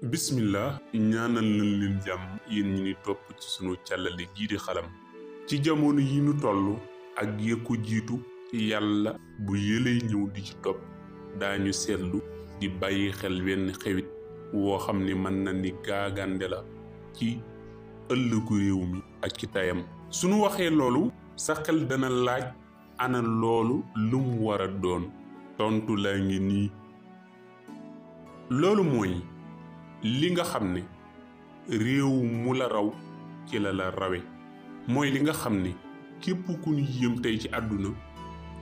bismillah ñaanal nañ leen jàmm yéen ñi topp ci sunu càllale gii di xalam ci jamono yi nu tollu ak yëkku jiitu yàlla bu yëlee ñëw di ci topp daañu seetlu di bàyyi xel wenn xewit woo xam ne mën na ni gaagande la ci ëllëgu réew mi ak ci tayam sunu waxee loolu sa xel dana laaj ana loolu lu mu war a doon tontu laa ngi nii loolu li nga xam ne réew mu la raw ci la la rawe mooy li nga xam ne képp ku ñu yëm tey ci àdduna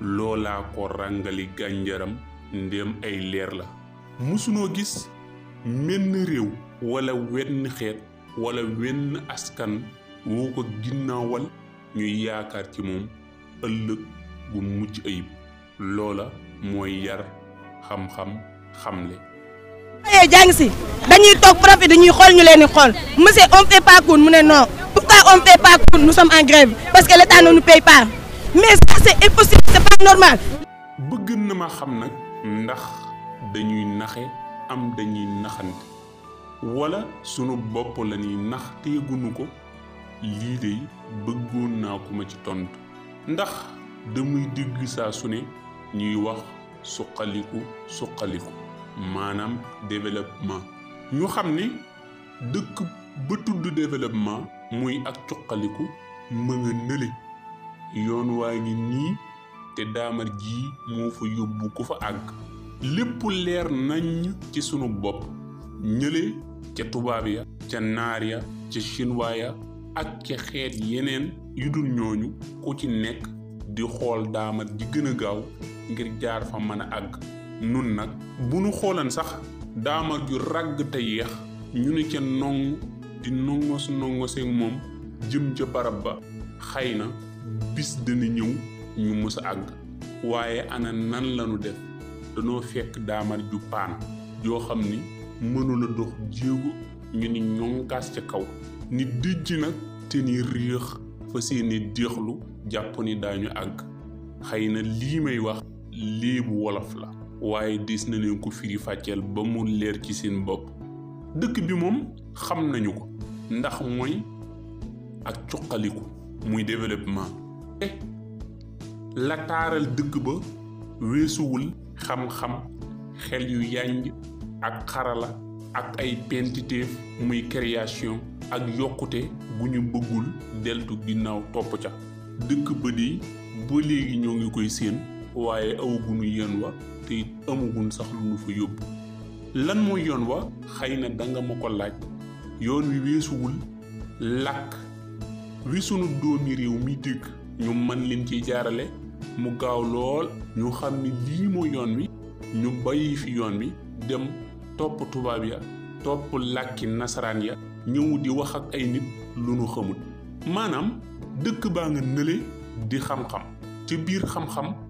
loola ko ràngali gànjaram ndéem ay leer la mësunoo gis menn réew wala wenn xeet walla wenn askan woo ko ginnaawal ñuy yaakaar ci moom ëllëg gu mucc ayib loola mooy yar xam-xam xamle xëyee jàng si dañuy toog prof yi dañuy xool ñu leen xool monsieur on fait pas mu ne non pourquoi on fait pas cours nous sommes en grève parce que l'État ne mais ça c' est impossible c' est bëgg na ma xam nag ndax dañuy naxe am dañuy naxante wala sunu bopp la ñuy nax teeguñu ko lii de bëggoon naa ko ma ci tontu ndax damuy dégg saa su ne ñuy wax suqaliku suqaliku. maanaam développement ñu xam ni dëkk ba tudd développement muy ak cuqaliku mën nga yoon waa ngi nii te daamar ji moo fa yóbbu ku fa àgg lépp leer nañ ci sunu bopp ñële ca tubaab ya ca naar ya ca chinois ya ak ca xeet yeneen yu dul ñooñu ku ci nekk di xool daamar ji gën a gaaw ngir jaar fa mën a àgg nun nag bu nu xoolan sax daama ju ràgg te yéex ñu ne ca nong di nongos nongoseeg moom jëm ca barab ba xëy na bis dana ñëw ñu mës a àgg waaye ana nan lañu def danoo fekk daamar ju paan yoo xam ni mënula dox jéego ñu ni ñonkaas ca kaw ni dijj nag te ni réex fa seeni déexlu jàpp ni daañu àgg xëy na lii may wax léebu wolof la waaye diis na leen ko firi fàcceel ba mu leer ci seen bopp dëkk bi moom xam nañu ko ndax mooy ak cuqaliku muy développement te la taaral dëkk ba weesuwul xam-xam xel yu yànj ak xarala ak ay pentitéef muy création ak yokkute gu ñu bëggul deltu ginnaaw topp ca dëkk ba di ba léegi ñoo ngi koy séen waaye amagunu yoon wa te it amagun sax lu nu fa yóbbu lan mooy yoon wa xëy na danga ma ko laaj yoon wi weesuwul làkk wi sunu doomi réew mi dikk ñu man leen ciy jaarale mu gaaw lool ñu xam ni lii mooy yoon wi ñu bàyyi fi yoon wi dem topp tubaab ya topp làkki nasaraan ya ñëw di wax ak ay nit lu nu xamul maanaam dëkk baa nga nële di xam-xam ci biir xam-xam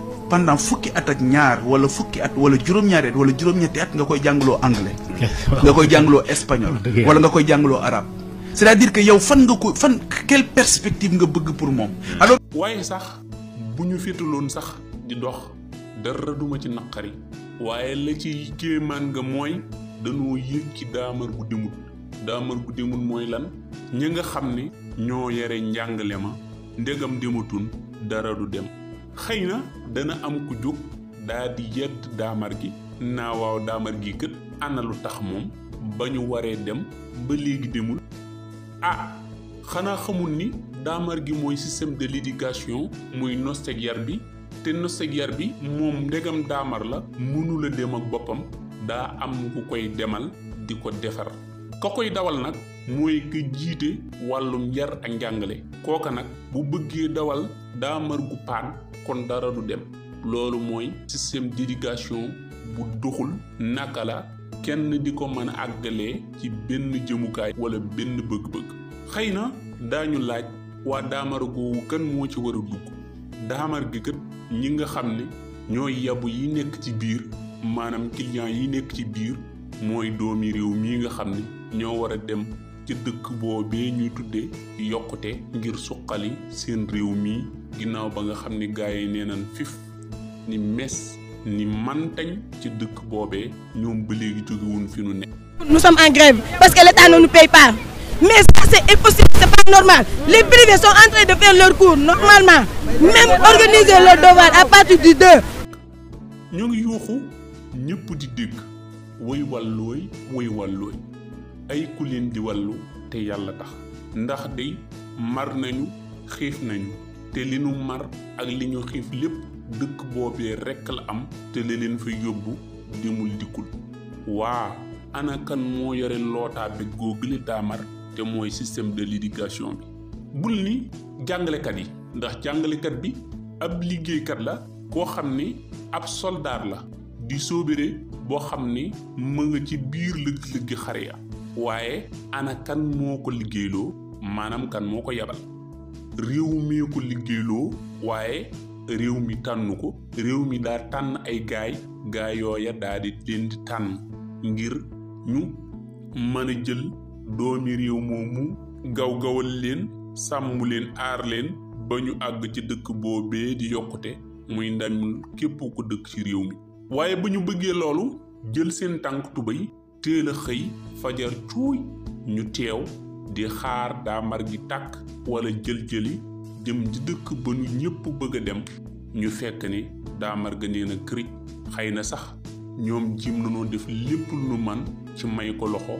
pendant fukki at ak ñaar wala fukki at wala juroom ñaari at wala juroom ñetti at nga koy janglo anglais. nga koy janglo espagnol. wala nga koy janglo arabe. c'est-à-dire que yow fan nga ko fan quelle perspective nga bëgg pour mom hmm. alors waaye sax buñu ñu sax di dox dara duma ci nakari waaye la ci kéemaan nga mooy danoo yëg ci daamar gu demut daamar gu mooy lan ñi nga xam ni ñoo yare njàngale ma ndegam dematun dara du dem. xëy na dana am ku jóg daa di yedd daamar gi naawaw daamar gi kët ana tax moom ba ñu waree dem ba léegi demul a ah, xanaa xamul ni daamar gi mooy système de l'éducation muy nosteg yar bi te nosteg yar bi moom ndegam daamar la mënula dem ak boppam daa am ku koy demal di ko defar ka koy dawal nag mooy ki jiite wàllum njar ak njàngale kooka nag bu bëggee dawal daamar gu paan kon dara du dem loolu mooy système d'éducation bu duxul naka la kenn di ko mën a àggalee ci benn jëmukaay wala benn bëgg-bëgg xëy na dañu laaj waa daamar googu kan moo ci war dugg daamar gi kat ñi nga xam ni ñoo yabu yi nekk ci biir maanaam client yi nekk ci biir mooy doomi réew mii nga xam ni ñoo war a dem ci dëkk boobee ñuy tudde yokkute ngir suqali seen réew mi ginnaaw ba nga xam ni gars yi nee nañ fif ni mes ni mantañ ci dëkk boobe ñoom ba léegi jógewuñ fi nu nekk. nous sommes en grève parce que l'État ne nous paye pas mais ça c'est normal les privés sont en de faire leur cours normalement même organiser leur devoir à partir du 2. ñu ngi yuuxu ñëpp di dégg woy wàllooy ay ku leen di wàllu te yàlla tax ndax day mar nañu xiif nañu te li nu mar ak li ñu xiif lépp dëkk boobee rekk la am te li leen fa yóbbu mul dikkul waa anakan kan moo yore lootaa bi góogale daamar te mooy système de l'éducation bi bul ni jàngalekat yi ndax jàngalekat bi ab liggéeykat la koo xam ni ab soldaar la di soobere boo xam ne mu nga ci biir lëgg-lëggi xare ya waaye ana kan moo ko liggéeyloo maanaam kan moo ko yabal réew mee ko liggéeyloo waaye réew mi tànn ko réew mi daa tànn ay gaay gaay yooya daa di leen di tànn ngir ñu mëna jël doomi réew moomu gaw-gawal leen sàmm leen aar leen ba ñu àgg ci dëkk boobee di yokkute muy ndam képp ko dëkk ci réew mi waaye ba ñu bëggee loolu jël seen tànk tubéy teel a xëy fajar cuuy ñu teew di xaar daamar gi tàkk walla jël-jëli jëm ci dëkk ba nu ñëpp bëgg a dem ñu fekk ni daamar ga nee na kërij xëy na sax ñoom jim nanoo def lépp lu man ci may ko loxo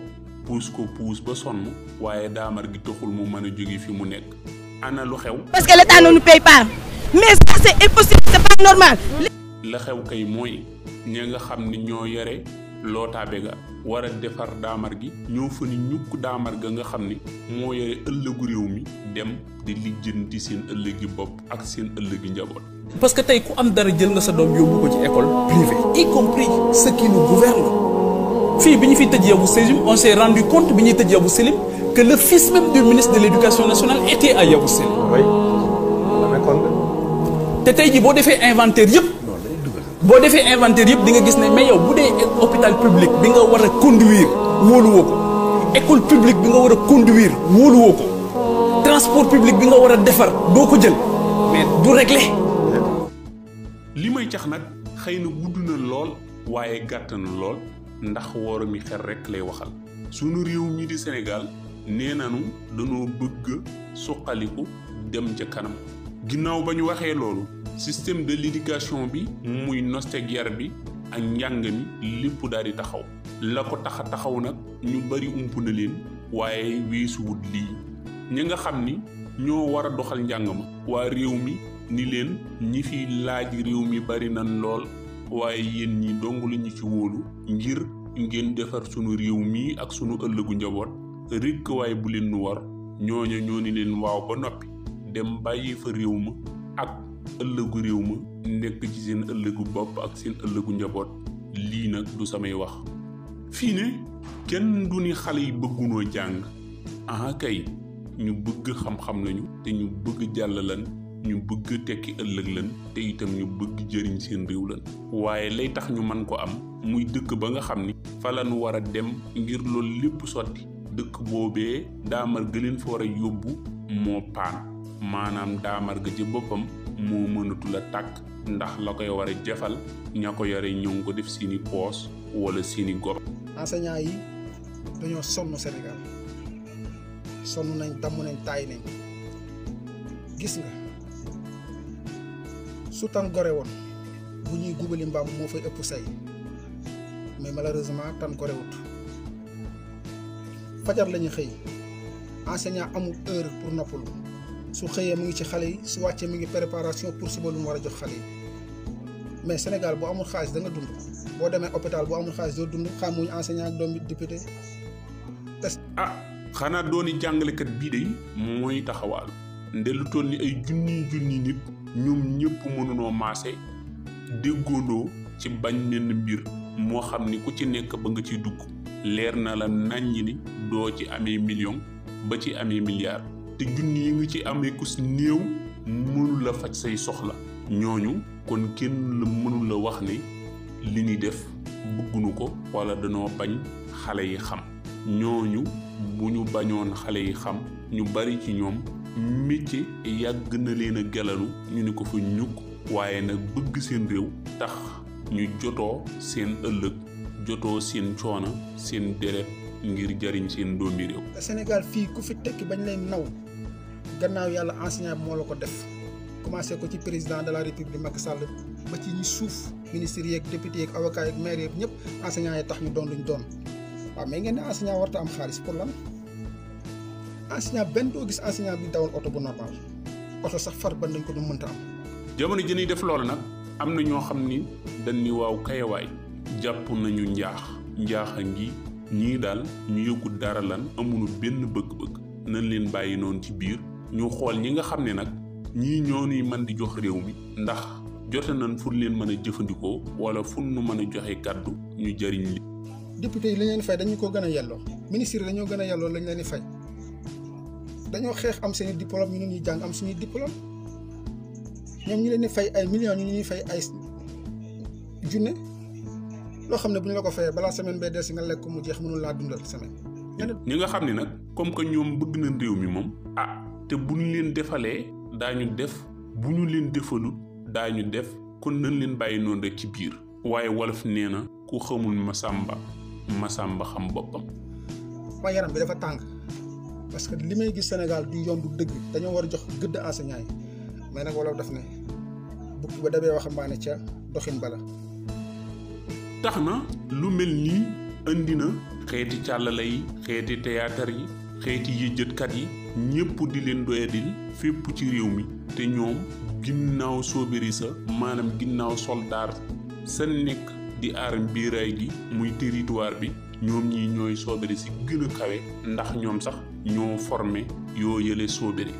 puus ko puus ba sonn waaye daamar gi taxul mu mën a jóge fi mu nekk ana lu xew parce que l'État mais ça c'est impossible c'est pas la xew kay mooy ña nga xam ni ñoo yore lootaabe ga war a defar daamar gi ñoo fa ni ñukk daamar ga nga xam ni moo yore ëllëgu réew mi dem di lijjanti seen ëllëgi bopp ak seen ëllëgi njaboot. parce que tey ku am dara jël nga sa doom yóbbu ko ci école privée. y compris ce qui nous gouverne fii bi ñu fiy tëj Yavuz Selim on s' est rendu compte bi ñuy tëj Yavuz Selim que le fils même du ministre de l' éducation nationale était à Yavuz Selim. oui. te tey ji boo defee inventaire yëpp. boo defee inventaire yëpp di nga gis ne mais yow bu dee hôpital public bi nga war a conduire wóoluwoo ko école publique bi nga war a conduire wóoluwoo ko transport public bi nga war a defar doo ko jël mais du régler. li may cax nag xëy na gudd na lool waaye gàtt na lool ndax wóor mi xel rek lay waxal sunu réew mi di Sénégal nee nañu danoo bëgg suqaliku dem ca kanam. Ginau bañu waxee loolu système de l'éducation bi hmm. muy nosteg yar bi ak njàng mi lépp daal di taxaw la ko taxa taxaw nag ñu bari umpu na leen waaye weesuwut lii ñi nga xam ni ñoo war a doxal njàng ma waa réew mi ni leen ñi fi laaj réew mi bari nan lool waaye yéen ñi dong la ñu ci wóolu ngir ngeen defar sunu réew mi ak sunu ëllëgu njaboot rikk waaye bu leen nu war ñooña ñoo ni leen waaw ba noppi dem bàyyi fa réew ma ak ëllëgu réew ma nekk ci seen ëllëgu bopp ak seen ëllëgu njaboot lii nag du samay wax fii ne kenn du ni xale yi bëggunoo jàng ah ñu bëgg xam-xam lañu te ñu bëgg jàll lan ñu bëgg tekki ëllëg lan te itam ñu bëgg jëriñ seen réew lan waaye lay tax ñu mën ko am muy dëkk ba nga xam ni fa lañu war a dem ngir loolu lépp sotti dëkk boobee daamar gëleen fa war a yóbbu moo paan maanaam daamar ga ci boppam moo mënatul tàkk ndax la koy war a jëfal ña ko yore ñoo ngi ko def seeni poos wala seeni gob enseignant yi dañoo sonn Sénégal sonn nañ damm nañ taay nañ gis nga su tan gore woon bu ñuy gubali mbaam moo fay ëpp say mais malheureusement tan gore wut fajar la xëy enseignant amul heure pour noppalu su xeye mu ngi ci xale yi su wàccee mu ngi préparation pour suba lu mu war a jox xale yi mais Sénégal bu amul xaalis da nga dund boo demee hôpital bu amul xaalis doo dund xamuñ enseignant ak doom bi député test ah xanaa dooni jàngalekat bii day mooy taxawaal nde ni ay junni junni nit ñoom ñëpp mënunoo maase déggondoo ci bañ nenn mbir moo xam ni ku ci nekk ba nga ci dugg leer na la nañ ni doo ci amee million ba ci amee milliard te junni yi nga ci amee ku si néew mënul faj say soxla ñooñu kon kenn la mënul wax ni li ñuy def bëggunu ko wala danoo bañ xale yi xam ñooñu bu ñu bañoon xale yi xam ñu bari ci ñoom métier yàgg na leen a gelalu ñu ni ko fa ñukk waaye nag bëgg seen réew tax ñu jotoo seen ëllëg jotoo seen coona seen deret ngir jariñ seen doomi réew sénégal fii ku fi tekki bañ lay naw gannaaw yàlla enseignant bi moo la ko def commencé ko ci président de la république Macky Sall ba ci ñi suuf ministre yeeg député yeeg avocat yeeg maire yeeg ñëpp enseignant yi tax ñu doon luñ doon waaw mais ngeen ne enseignant warta am xaalis pour lan enseignant benn doo gis enseignant bi dawal oto bu normal oto sax far ban dañ ko du mënta am jamono ji ñuy def loolu nag am na ñoo xam ni dañ ni waaw kayawaay jàpp nañu njaax njaaxa ngi ñii daal ñu yëgul dara lan amuñu benn bëgg-bëgg nañ leen bàyyi noonu ci biir ñu xool ñi nga xam ne nag ñii ñoo ñuy man di jox réew mi ndax jote nañ fu leen mën a jëfandikoo wala fu nu mën a joxe kàddu ñu jariñ li député yi lañ leen fay dañu ko gën a yelloo ministre yi dañoo gën a yelloo lañ leen di fay dañoo xeex am seeni diplôme ñu ne ñuy jàng am suñuy diplôme ñoom ñu leen di fay ay millions ñu ñuy fay ay junne loo xam ne bu ñu la ko fayee balaa semaine bee des nga lekk mu jeex mënul laa dundal semaine ñi nga xam ne nag comme que ñoom bëgg nañ réew mi moom ah te bu ñu leen defalee daañu def bu ñu leen defalut daañu def kon nañ leen bàyyi noonu rek ci biir waaye wolof nee na ku xamul masamba masamba xam boppam waaye yaram bi dafa tàng parce que li may gis Sénégal du yomb dëgg dañoo war jox gëdd enseignant yi mais nag wolof daf ne bukki ba dabee waxambaane ca doxin bala tax na lu mel nii indi na xeeti càllale yi xeeti théâtre yi xeeti yëjëtkat yi ñëpp di leen doyadil fépp ci réew mi te ñoom ginnaaw soobiri sa maanaam ginnaaw soldaar sa nekk di aar mbiiraay gi muy territoire bi ñoom ñi ñooy soobiri si gën kawe ndax ñoom sax ñoo formé yoo yële soobiri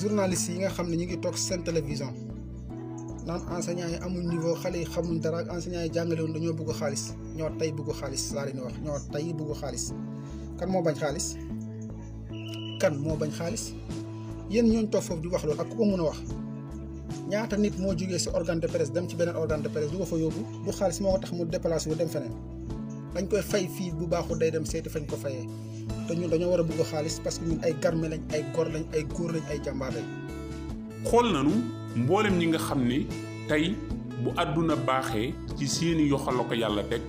journaliste yi nga xam ne ñu ngi toog seen télévision nan enseignant yi amul niveau xalé yi xamuñ dara ak enseignant yi jàngale woon dañoo bëgg xaalis ñoo tey bëgg xaalis laa leen wax ñoo tey bëgg xaalis kan moo bañ xaalis kan moo bañ xaalis yéen ñooñ toog foofu di wax loolu ak ku ko mën a wax ñaata nit moo jógee si organe de presse dem ci beneen organe de presse du ko fa yóbbu du xaalis moo tax mu déplacé wu dem feneen dañ koy fay fii bu baaxul day dem seeti fañ ko fayee te ñun dañoo war a bëgg xaalis parce que ñun ay garme lañ ay gor lañ ay góor lañ ay jàmbaar lañ xool nanu mboolem ñi nga xam ni tey bu àdduna baaxee ci seeni yoxal la ko yàlla teg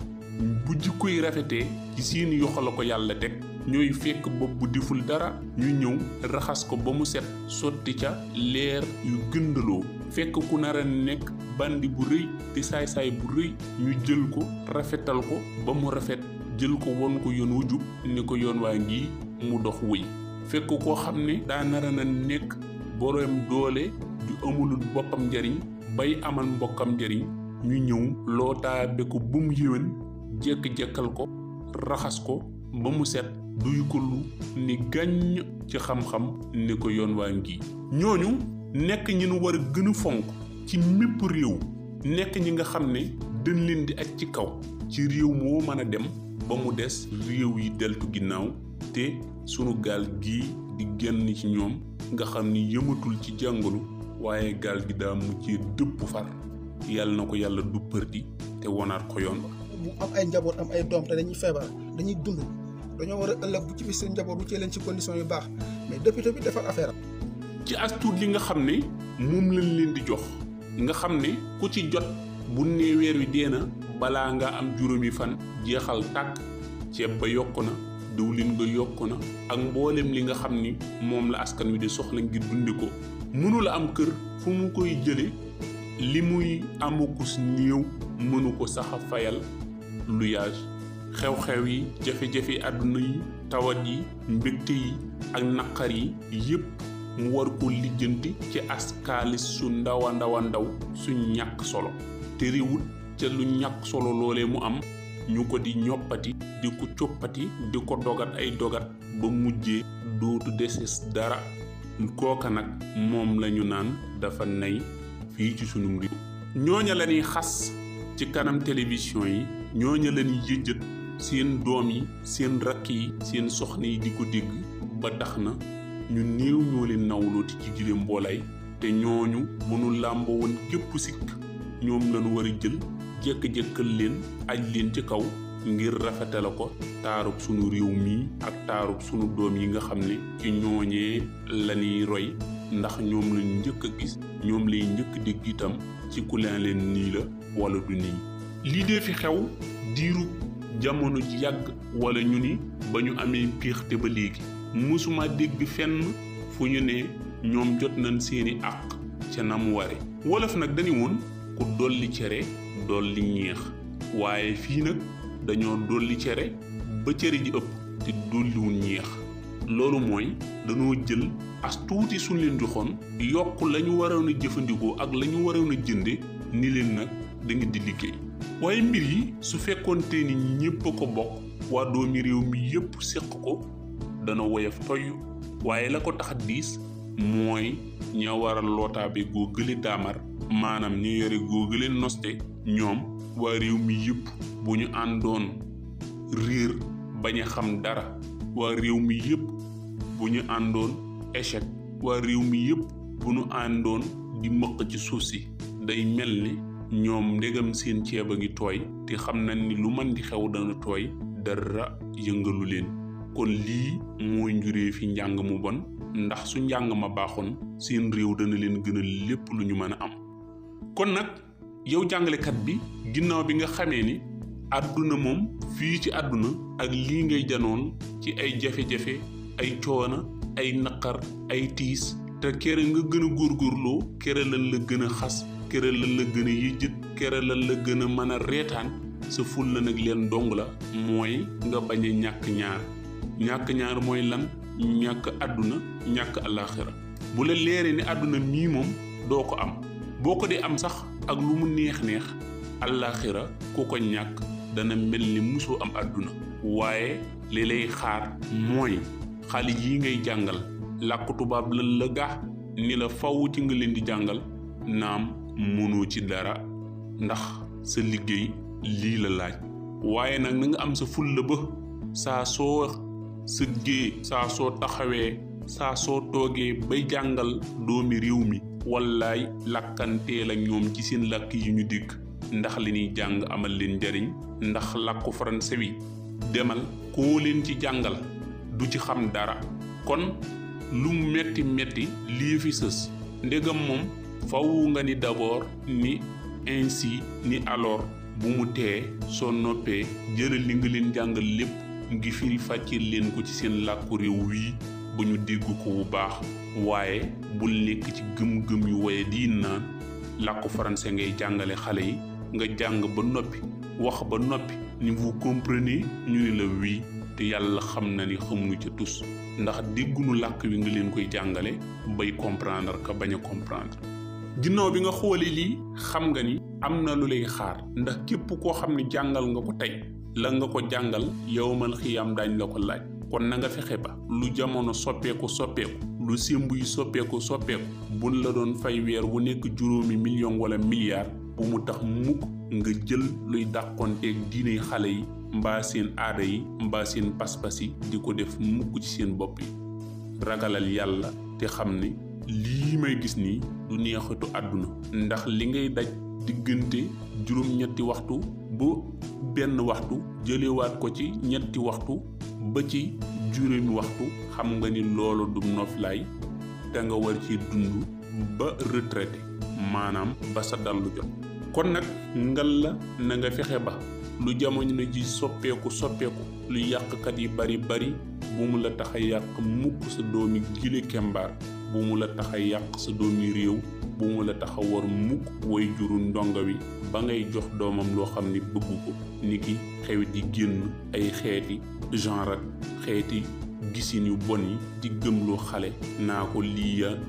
bu jikkoy rafetee ci seeni yoxal la ko yàlla teg ñooy fekk bopp bu diful dara ñu ñëw raxas ko ba mu set sotti ca leer yu gëndaloo fekk ku nara a nekk bandi bu rëy di saay-saay bu rëy ñu jël ko rafetal ko ba mu rafet jël ko won ko yoon wu jub ni ko yoon waa ngi mu dox wëy fekk koo xam ne daa nara na nekk boroom doole ju amulul boppam njariñ bay amal mbokkam njariñ ñu ñëw lootaa be ko bu mu yéwén jekk-jekkal ko raxas ko ba mu set duy ko lu ni gàññ ci xam-xam ni ko yoon waa ngi ñooñu nekk ñi nu war a gën fonk ci mépp réew nekk ñi nga xam ne dañ leen di ak ci kaw ci réew moo mën a dem ba mu des réew yi deltu ginnaaw te sunu gaal gii di génn ci ñoom nga xam ni yëmatul ci jàngalu waaye gaal gi daa muccee dëpp far yàlla na ko yàlla du përdi te wonaat ko yoon ba am ay njaboot am ay doom te dañuy feebar dañuy dund dañoo war a ëllëg bu ci bis seen njaboot bu ci leen ci condition yu baax mais député bi dafa affaire ci as tuut li nga xam ne moom lañ leen di jox nga xam ne ku ci jot bu nee weer wi dee na balaa nga am juróomi fan jeexal tàkk ceeb ba yokk na diwlin ba yokk na ak mboolem li nga xam ni moom la askan wi di soxla ngir dunde ko mënula am kër fu mu koy jële li muy amagus néew mënu ko sax a fayal luyaas xew-xew yi jafe-jafe àdduna yi tawat yi mbégte yi ak naqar yi yépp mu war ko lijjanti ci askaalis su ndaw a ndaw a ndaw su ñàkk solo te réewut ca lu ñàkk solo loolee mu am ñu ko di ñoppati di ko coppati di ko dogat ay dogat ba mujjee dootu deses dara kooka nag moom la ñu naan dafa nay fii ci sunum réew ñooña la xas ci kanam télévision yi ñooña la ñuy yëjjët seen doom yi seen rakk yi seen soxna yi di ko dégg ba tax na ñu néew ñoo leen nawlooti ci jile mboolaay te ñooñu mënu làmboo woon képp sikk ñoom lañu war jël jekk-jekkal leen aj leen ci kaw ngir rafetale ko taarub sunu réew mi ak taarub sunu doom yi nga xam ne ci ñooñee la roy ndax ñoom lañ njëkk a gis ñoom lay njëkk digg itam ci ku leen nii la wala du nii lii dee fi xew diirub jamono ji yàgg wala ñu ni ba ñu amee te ba léegi mësuma dégg fenn fu ñu ne ñoom jot nañ seeni àq ca na mu wolof nag dañu woon ku dolli cere dolli ñeex waaye fii nag dañoo dolli cere ba cere ji ëpp te dolliwul ñeex loolu mooy dañoo jël as tuuti suñ leen joxoon yokk la ñu waroon jëfandikoo ak la ñu waroon a jënde ni leen nag da di liggéey waaye mbir yi su fekkoon ni ñépp a ko bokk waa doomi réew mi yépp séq ko dana woyof toy waaye la ko tax diis mooy ña waral lootaabe goo gële daamar maanaam ñu yore goo gële noste ñoom wa réew mi yëpp bu ñu àndoon riir bañ a xam dara wa réew mi yëpp bu ñu échec wa réew mi yëpp bu ñu di mëq ci suuf day mel ni ñoom ndegam seen ceeb a ngi tooy te xam nañ ni lu man di xew dana tooy dara yëngalu leen kon lii mooy njuree fi njàng mu bon ndax su njàng ma baaxoon seen réew dana leen gënal lépp lu ñu mën am kon nag yow jàngalekat bi ginnaaw bi nga xamee ni àdduna moom fii ci àdduna ak lii ngay janoon ci ay jafe-jafe ay coona ay naqar ay tiis te kere nga gën a góorgóorloo kere lan la gën a xas kere lan la gën a yëjjët kere lan la gën a mën a reetaan sa ful la nag leen dong la mooy nga bañ ñàkk ñaar ñàkk ñaar mooy lan ñàkk àdduna ñàkk àllaaxira bu la leeree ni àdduna mii moom doo ko am boo ko di am sax ak lu mu neex-neex àllaaxira ku ko ñàkk dana mel ni musoo am àdduna waaye li lay xaar mooy xale yi ngay jàngal làkku tubaab la la gax ni la faw ci nga leen di jàngal naam mënoo ci dara ndax sa liggéey lii la laaj waaye nag na nga am sa fulla ba saa soo sëggee saa soo taxawee saa soo toogee bay jàngal doomi réew mi wallaay làkkanteel ak ñoom ci seen làkk yi ñu dikk ndax li ñuy jàng amal leen njariñ ndax làkku français wi demal koo leen ci jàngal du ci xam dara kon lu mu metti metti lii fi sës ndegam moom fawu nga ni d'abord ni ainsi ni alors bu mu tee soo noppee jëlal li nga leen jàngal lépp ngi firi fàcceel leen ko ci seen làkku réew wii bu ñu dégg ko bu baax waaye bul nekk ci gëm-gëm yi waye diin naan làkku français ngay jàngale xale yi nga jàng ba noppi wax ba noppi ni vous comprenez ñu ne la wii te yàlla xam na ni xamuñu ca tus ndax déggunu làkk wi ngi leen koy jàngale bay comprendre ka bañ a comprendre ginnaaw bi nga xoolee lii xam nga ni am na lu lay xaar ndax képp koo xam ne jàngal nga ko tey la nga ko jàngal yowmal xiyaam daañ la ko laaj kon na nga fexe ba lu jamono soppeeku soppeeku lu simb yi soppeeku soppeeku buñ la doon fay weer wu nekk juróomi million walla milliard bu mu tax mukk nga jël luy dàqonteeg diiney xale yi mbaa seen aada yi mbaa seen pas-pas di ko def mukk ci seen bopp ragalal yàlla te xam ni lii may gis nii du neexatu àdduna ndax li ngay daj diggante juróom-ñetti waxtu bu benn waxtu jëlewaat ko ci ñetti waxtu ba ci juróomi waxtu xam nga ni loolu du noflaay te nga war ci dund ba retraité maanaam ba sa dallu jot kon nag ngal la na nga fexe ba lu jamono ji soppeeku soppeeku lu yàqkat yi bari bari bu mu la tax a yàq mukk sa doomi gile kembaar bu mu la tax a yàq sa doomi réew bu mu la taxa war mukk way juru ndongo wi ba ngay jox doomam loo xam ni bëgg ko ni ki xewit yi génn ay xeeti genre ak xeeti gisin yu bon yi di gëmloo xale naa ko lii ak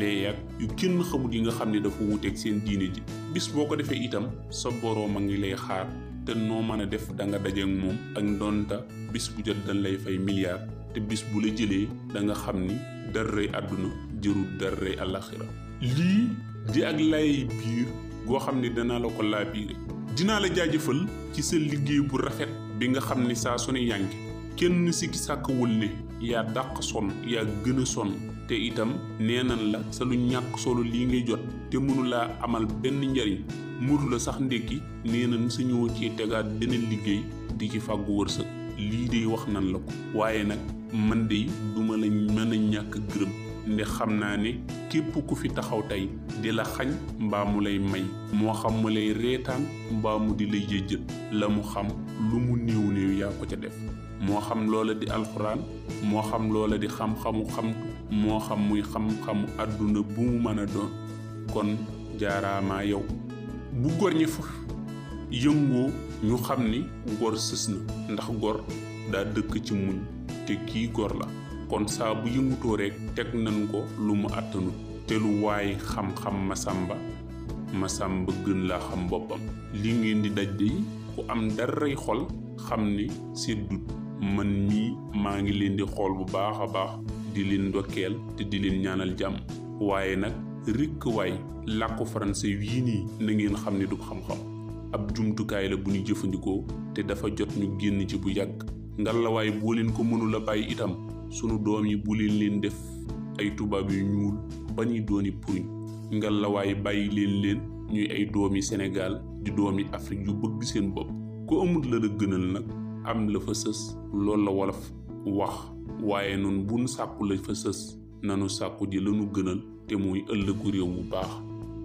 lee ak yu kenn xamut yi nga xam ni dafa wuteeg seen diine ji bis boo ko defee itam sa boroom a ngi lay xaar te noo mën a def da nga daje ak moom ak ndonta bis bu jot dañ lay fay milliard te bis bu la jëlee danga xam ni darrey àdduna jërul darrey àlaxira lii di ak lay biir goo xam ne danaa la ko laa biire dinaa la jaajëfal ci sa liggéey bu rafet bi nga xam ne yaa ngi kenn si sàkkawul ne yaa dàq sonn yaa gën a sonn te itam nee nan la sa lu ñàkk solo lii ngay jot te mënulaa amal benn njariñ muru la sax ndékki nee nan sañoo ci tegaat beneen liggéey di ci fàggu wërsëg lii de wax nan la ko waaye nag man de duma la mën a ñàkk gërëm li xam naa ne képp ku fi taxaw tey di la xañ mbaa mu lay may moo xam mu lay reetaan mbaa mu di la yëjjët la mu xam lu mu néew néew yaa ko ca def moo xam loola di alxuraan moo xam loola di xam-xamu xamtu moo xam muy xam-xamu àdduna bu mu mën a doon kon jaaraamaa yow bu góor ñi yëngoo ñu xam ni góor sës na ndax góor daa dëkk ci muñ te kii góor la kon saa bu yëngutoo rek teg nañu ko lu mu àttanut te lu waay xam-xam masamba masamba gën laa xam boppam li ngeen di daj dey ku am daray xol xam ni seddut man mii maa ngi leen di xool bu baax a baax di leen ndokkeel te di leen ñaanal jàmm waaye nag rikk waay làkku français wii nii na ngeen xam ne du xam-xam ab jumtukaay la bu ñu jëfandikoo te dafa jot ñu génn ci bu yàgg ngalla waay boo leen ko mënula bàyyi itam sunu doom yi bu leen leen def ay tubaab yu ñuul ba ñuy dooni puruñ ngalawaay bàyyi leen leen ñuy ay doomi Sénégal di doomi Afrique yu bëgg seen bopp ku amut la la gënal nag am la fa sës loolu la wolof wax waaye noonu bu nu sàkku la fa sës nanu sàkku ji lanu gënal te mooy ëllëgu réew bu baax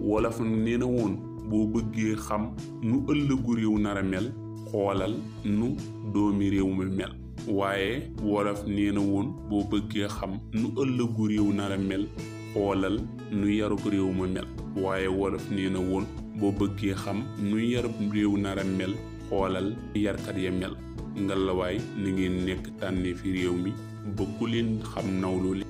wolof nee na woon boo bëggee xam nu ëllëgu réew nar a mel xoolal nu doomi réew mi mel waaye wolof nee na woon boo bëggee xam nu ëllëgu réew nar a mel xoolal nu yarub réew ma mel waaye wolof nee na woon boo bëggee xam nu yarub réew nar a xoolal yarkat ya mel ngalawaay ni ngeen nekk tànnee fi réew mi ba xam nawlu